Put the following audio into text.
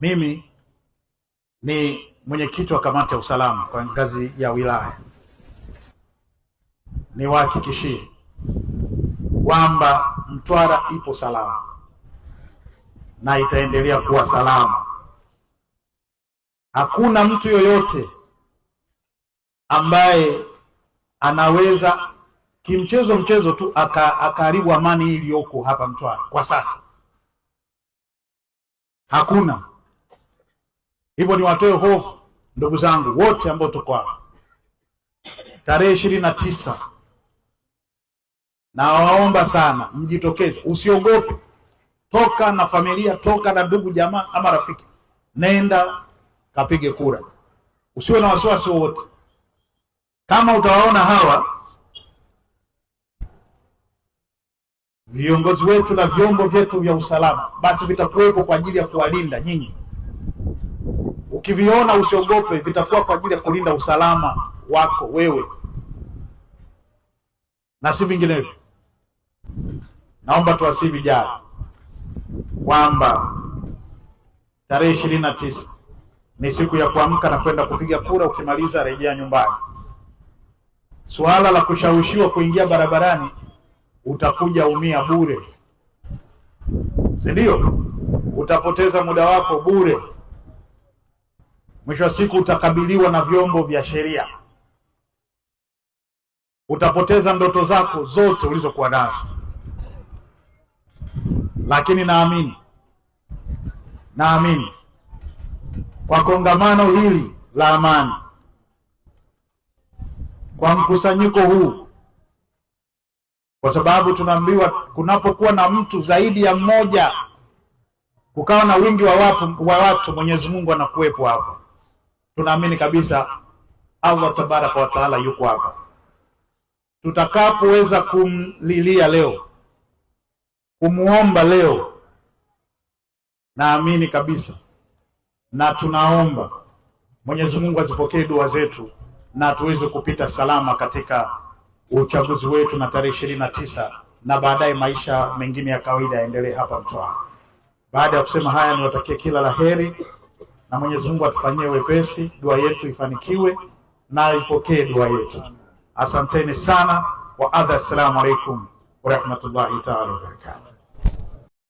Mimi ni mwenyekiti wa kamati ya usalama kwa ngazi ya wilaya. Niwahakikishie kwamba Mtwara ipo salama na itaendelea kuwa salama. Hakuna mtu yoyote ambaye anaweza kimchezo mchezo tu akaharibu aka amani hii iliyoko hapa Mtwara kwa sasa, hakuna. Hivyo ni watoe hofu ndugu zangu wote ambao tuko hapa tarehe ishirini na tisa, nawaomba sana mjitokeze, usiogope. Toka na familia, toka na ndugu jamaa ama rafiki, nenda kapige kura, usiwe na wasiwasi wowote. Kama utawaona hawa viongozi wetu na vyombo vyetu vya usalama, basi vitakuwepo kwa ajili ya kuwalinda nyinyi. Ukiviona usiogope, vitakuwa kwa ajili ya kulinda usalama wako wewe na si vinginevyo. Naomba tuwasihi vijana kwamba tarehe ishirini na tisa ni siku ya kuamka na kwenda kupiga kura. Ukimaliza rejea nyumbani. Suala la kushawishiwa kuingia barabarani, utakuja umia bure, si ndio? Utapoteza muda wako bure. Mwisho wa siku utakabiliwa na vyombo vya sheria, utapoteza ndoto zako zote ulizokuwa nazo, lakini naamini naamini kwa kongamano hili la amani, kwa mkusanyiko huu, kwa sababu tunaambiwa kunapokuwa na mtu zaidi ya mmoja, kukawa na wingi wa watu, wa watu Mwenyezi Mungu anakuwepo hapo tunaamini kabisa Allah tabaraka wa taala yuko hapa. Tutakapoweza kumlilia leo, kumwomba leo, naamini kabisa na tunaomba Mwenyezi Mungu azipokee dua zetu na tuweze kupita salama katika uchaguzi wetu na tarehe ishirini na tisa na baadaye maisha mengine ya kawaida yaendelee hapa Mtwara. Baada ya kusema haya, niwatakie kila la heri na Mwenyezi Mungu atufanyie wepesi, dua yetu ifanikiwe na ipokee dua yetu. Asanteni sana wa adha, assalamu alaikum warahmatullahi taala wabarakatu